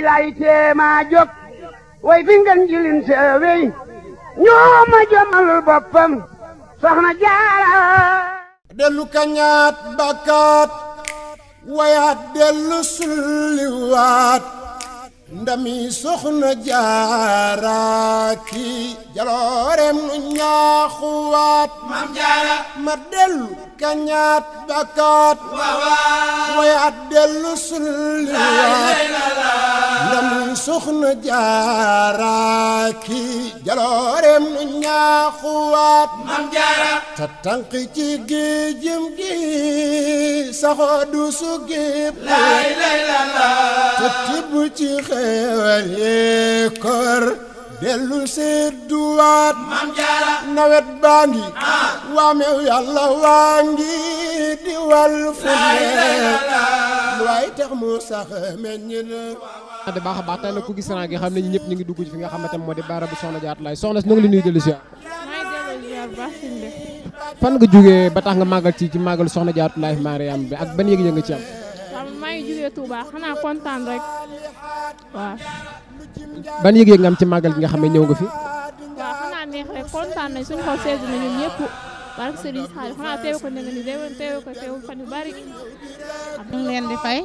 lay teema jóg way fi ngeen jilin seewey ñoo ma jëmalul boppam soxna jaara dellu kañaat bakkaat wayaat dellu sulliwaat ndami soxna jaara jaloorem nu ñaaxuwaat ma dellu kañaat bakkaat wayaat dellu sulliwaat ndam soxna jaara ki jaloorem nu ñaaxuwaat mam jaara ta ci géejëm gi saxoo du su géeb lay lay la la te tibb ci xeewal yi kor mam jaara nawet baa ngi ah. waamew yàlla waa ngi di wal fu waay tax mu sax meññ de baax a baax xam ne ñëpp ñu ngi dugg ci fi nga xamante moo di baara bu soxna Jaara Laay soxna si ñu fan nga jógee ba tax nga màggal ci ci màggal soxna Jaara Laay Mariam bi ak ban yëg-yëg nga ci am maa ngi jógee Touba xanaa kontaan rek waaw ban yëg-yëg nga am ci màggal gi nga xam ne ñëw nga fi waaw xanaa neex rek kontaan nañ suñu xol sedd na ñun ñëpp barke Serigne Sall xanaa teew ko ne nga ni ko teew fan yu bari ñu ngi leen di fay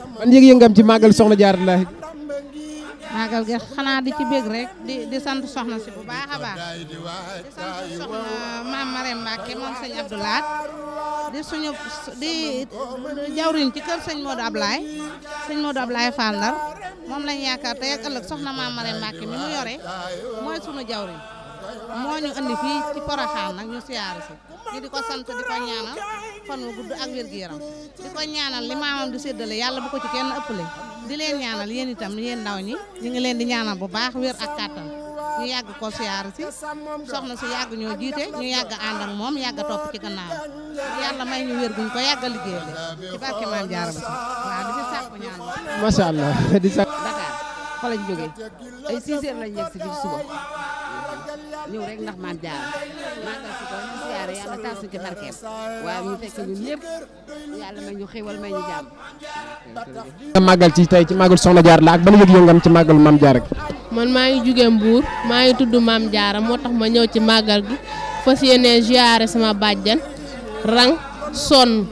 man yëg-yëngam ci màggal soxna Jaara Laahi gi xanaa di ci bég rek di di sant soxna si bu baax a baax di sant soxna maam Marème Mbacke moom sëñ Abdoulaat di suñu di jawriñ ci kër sëñ Modou Ablaye sëñ Modou Ablaye Fall Ndar moom lañ yaakaar tey ëllëg soxna maam Marème Mbacke mi mu yore mooy suñu jawriñ moo ñu indi fii ci Porokhane nag ñu siyaare si ñu di ko sant di ko ñaanal fan gudd ak wér gu yaram di ko ñaanal li maamam di séddale yàlla bu ko ci kenn ëppale di leen ñaanal yéen itam yéen ndaw ñi ñu ngi leen di ñaanal bu baax wér ak kàttan ñu yàgg ko siyaar si soxna si yàgg ñoo jiite ñu yàgg ànd ak moom yàgg topp ci gannaaw yàlla may ñu wér guñ ko yàgg a liggéeyal ci barke maam jaara ba waaw di fi sàkku ñaan macha allah di sàkku Dakar fa lañ jógee ay 6 heures lañ si fii suba ñëw rek ndax maam jaar màggal si ko ñu siyaare ci barkeem waaw ñu fekk ñun ñëpp yàlla ci tey ci màggal soxna jaar la ak ban yëg-yëg ci màggalu maam jaar gi. man maa ngi jugee Mbour maa ngi tudd maam jaara moo tax ma ñëw ci màggal gi fas yéene ziare sama bàjjan rang sonn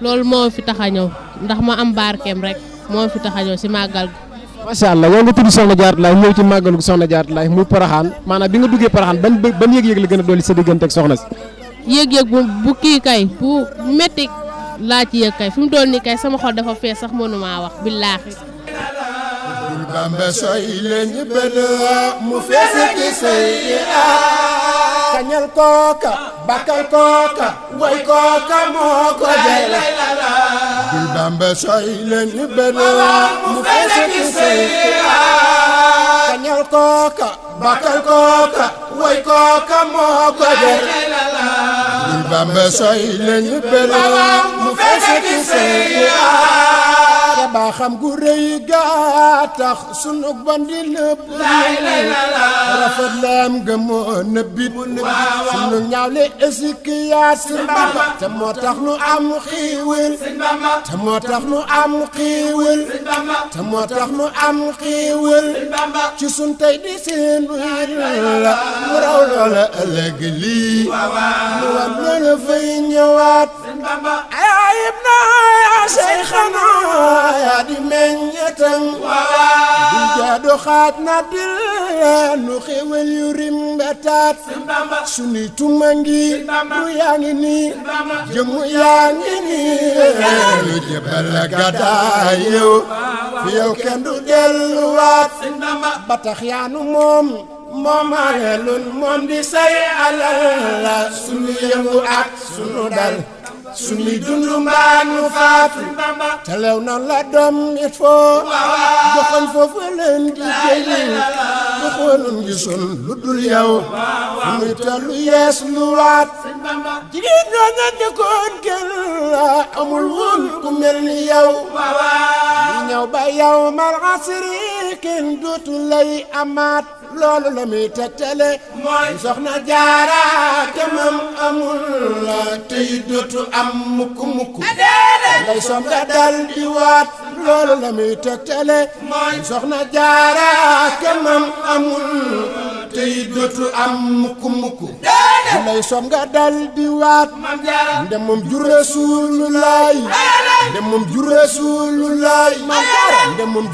loolu moo fi tax ñëw ndax ma am barkeem rek moo fi tax ñëw si màggal gi. macha allah yow nga tudd Soxna Jaaratullaay ñëw ci màggalu bi nga duggee Poroxaan ban ban yëg-yëg la gën a dolli sa diggante ak soxna si. yëg-yëg bu bu kii kay bu métti laa ci yëg kay fi mu doon nii kay sama xol dafa fees sax mënu maa wax billaahi. Bamba sooy leen mu fees ci say ah. kañal kooka bakkal kooka woy kooka moo ko jëlee Seydil Bamba sooy leen beneen mu feese ki seyyaa kañal kooka bakkal kooka way kooka moo ko def Seydil Bamba sooy leen beneen mu feese ki seyyaa baaxam gu rëy gaa tax sunu bandi nëb. laay lay la la rafet laam nga moo nëbbit. waaw sunu ñaawle esikiyaat. sëñ Bamba te moo tax nu am xiiwil. sëñ Bamba te moo tax nu am xiiwil. sëñ Bamba te moo tax nu am xiiwil. sëñ Bamba ci sunu tey di seen wiir la. lu raw loola ëllëg lii lu war fay ñëwaat ayaa yib naa yaa say xanaa yaa di meññetam di jaadu xaat na dil nu xewel yu rim betaat su tuma ngi ru yaa ngi nii jëmu yaa ngi nii lu jëbal gàddaay yow fi yow kenn du delluwaat ba yaa nu moom moom alelun moom di say alal la sunu yëngu ak sunu dal sunu dund mbaa nu faatu te lew la doom it foo joxoon foofu leen di jëli joxoonun gisul lu dul yow sunu te lu yees lu waat jigéen ñoo ña jëkkoon kenn la amul woon ku mel ni yow di ñëw ba yow mal asiri kenn dootu lay amaat loolu la muy tegtale mooy soxna jaara te mam lay ndem moom jur Rasulullaay ndem moom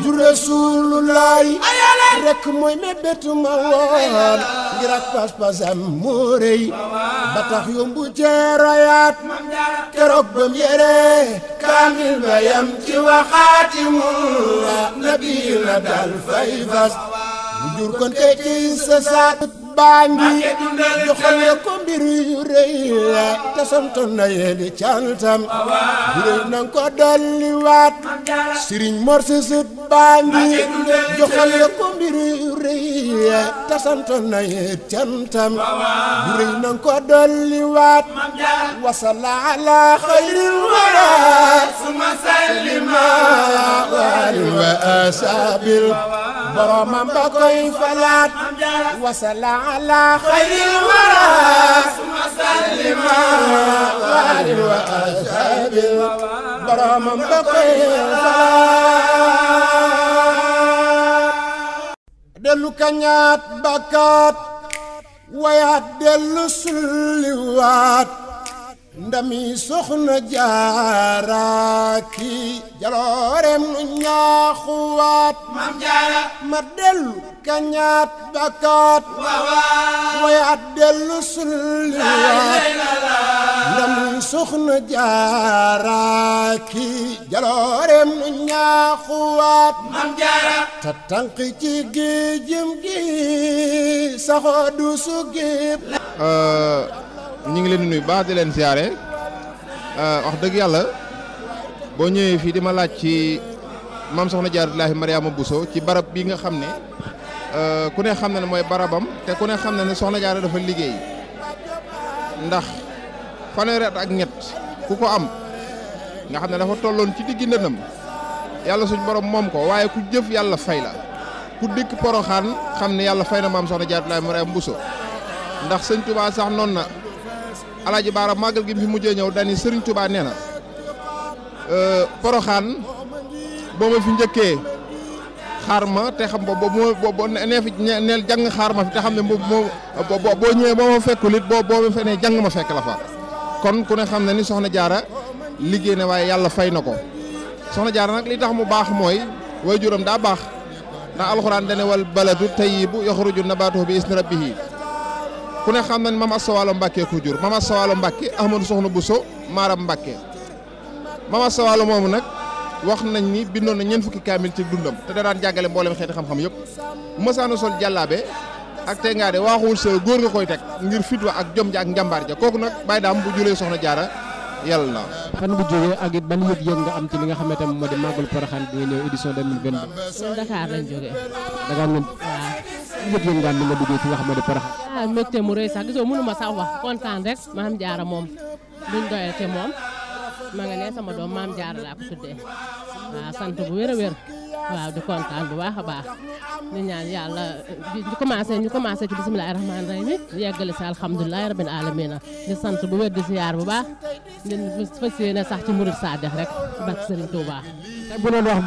rek mooy mébétu ma woon ngir ak pas-pasam moo rëy ba tax yombu ceerayaat keroog bam yéree kaamil ba yam ci waxaati mu nabi na dal fay fas bu kon tey sa saat baa ngi joxal ko mbir yu rëy la te suma salima wa asaabil boromam ba koy falaat wasala ala xayril wara suma sallima waali wa ashabi boromam ba koy falaat dellu kañaat bakkaat wayaat dellu sulliwaat ndami soxna jaaraaki jaloorem nu ñaaxuwaat mam jaara ma dellu kañaat bakaat waawaa wayaat dellu sulliwaat ndami soxna jaaraaki jaloorem nu ñaaxuwaat mam jaara ta tànk ci géejëm gi saxoo du su géeb euh, ñu ngi leen di nuyu baax di leen siyaare euh, wax dëgg yàlla boo ñëwee fii di ma laaj ci maam soxna Jaaratullaahi Mariama buso ci barab bii nga xam ne euh, ku ne xam na ne mooy barabam te ku ne xam na ne soxna jaare dafa liggéey ndax fanweeri at ak ñett ku ko am nga xam ne dafa tolloon ci diggi ndëndam yàlla suñ borom moom ko waaye ku jëf yàlla fay la ku dikk poroxaan xam ne yàlla fay na maam soxna Jaaratullaahi Mariama Bousso ndax sëñ Tuubaa sax noonu na alaaji baara màggal gi mu fi mujjee ñëw dani Serigne Touba nee na euh, poroxaan boo ma fi njëkkee xaar ma te xam boobu boo boo nee xam ne boobu moo boo boo fekkul it boo boo ma fee ma fekk la fa kon ku ne xam ne ni soxna jaara liggéey na waaye yàlla fay na ko soxna jaara nag li tax mu baax mooy waajuram daa baax ndax alxuraan dane wal baladu tayyibu yaxruju nabaatuhu bi isni rabbihi bu ne xam na ne Mame Asta Walo Mbacké ko jur Mame Asta Walo Mbacké Ahmadou moomu nag wax nañ ni bindoon na ñeent fukki kaamil ci dundam te da daan jàggale mboolem xeeti xam-xam yëpp mësaana sol jàllaabe ak tey waa de waaxuwul góor nga koy teg ngir fit ak jom ja ak njàmbaar ja kooku nag bàyyi daam bu julee soxna jaara yàlla na fan bu jógee ak it ban yëg-yëg nga am ci li nga xam ne tam moo di màggal Porokhane bi nga ñëw édition 2022 ñun Dakar yëpp yëngaan ni nga duggee ci nga xam ne Porokhane. ah mbégte mu rëy sax gisoo mënuma sax wax kontaan rek maam jaara moom duñ doyal te moom ma nga ne sama doom maam jaara laa ko tuddee waaw sant bu wér wér. waaw di kontaan bu baax a baax di ñaan yàlla ñu commencé ñu commencé ci bisimilahi rahmaani rahim yeggale si alhamdulilahi rabil alamina di sant bu wér di siyaar bu baax ñun fas yéene sax ci murid sadex rek barke Serigne Touba tey bu doon wax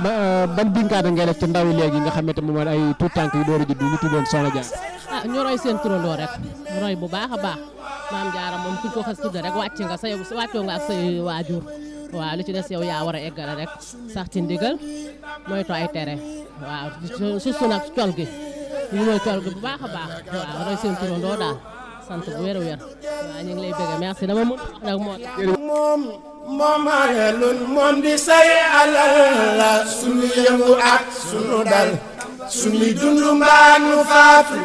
ban binkaane ngay def ci ndaw yi léegi nga xam ne moom ay tout tànk yu door a judd ñu tuddoon Soxna Dia ah ñu roy seen turandoo rek roy bu baax a baax maam jaara moom kuñ ko xas tudd rek wàcc nga say wàccoo nga ak waaw li ci des yow yaa war a eggale rek sax ci ndigal moytu ay tere waaw surtout nag col gi ñu mooy col gi bu baax a baax waaw roy seen turandoo daal sant bu wér a wér waaw ngi lay bëgg merci dama mën nag moo la sunu yëngu ak sunu dal sunu dundu mbaa nu faatu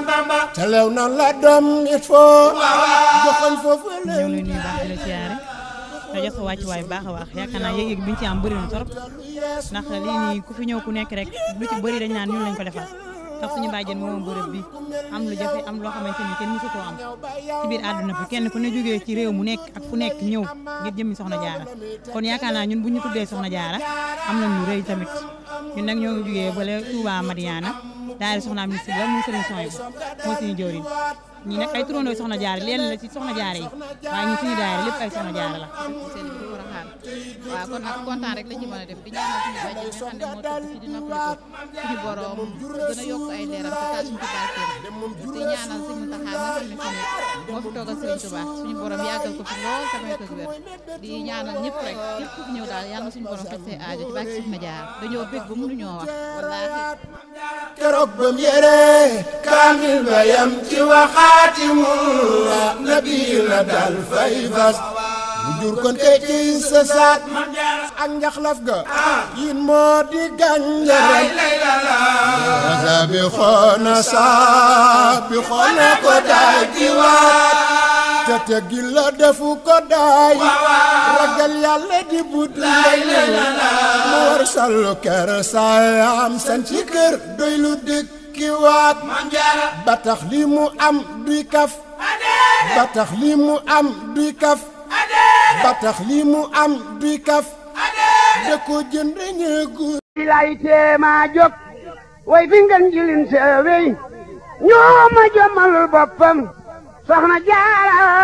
te jox ko wàccuwaay bu baax a baax yaakaar naa yëg-yëg bi ñu ci am bëri na torop ndax lii nii ku fi ñëw ku rek lu ci bëri dañ naan ñun lañ ko defal tax suñu bàjjen moom bërëb bi am lu jafe am loo xamante ni kenn mësu koo am ci biir àdduna bi kenn ku ne jógee ci réew mu nekk ak fu nekk ñëw ngir jëmmi soxna jaara kon yaakaar naa ñun bu ñu tuddee soxna jaara am nañ lu rëy tamit ñun nag ñoo ngi jugee ba le Touba Madiana daayira soxna mi si la muy sëriñ soñ bu moo suñu jëwriñ ñi nag ay turandoo soxna jaare leen la ci soxna jaare yi waaye ñu suñu daayira lépp ay soxna jaare la waaw kon nag kontaan rek la ci mën a def di ñaanal suñu bàjjen nga xam ne moo tëdd fii di noppaliku suñu borom gën a yokk ay leeram te taal suñu ci barkeem te ñaanal suñu taxaar nga xam ne fi moo fi toogal Serigne Touba suñu borom yàggal ko fi lool te may ko wér di ñaanal ñëpp rek képp ku fi ñëw daal yàlla suñu borom faj say aajo ci bàkki suñu ma jaar dañoo bég ba mënuñoo wax wallaahi keroog ba mu yéree kaamil ba yam ci waxaatimu nabi la dal fay fas jur kon te ci saat ak njaxlaf ga yin moo di gànjaram rasa bi xoona saat xoona ko daay waat te la defu ko daay ragal yàlla di but lay mu war sallu kër saayam san ci kër doy lu dëkki ba tax am duy kaf ba tax mu am duy kaf da ko jënd ñëgu lay tee maa jóg way fi ngeen jilin sa wéy ma jommalul boppam soxna jaara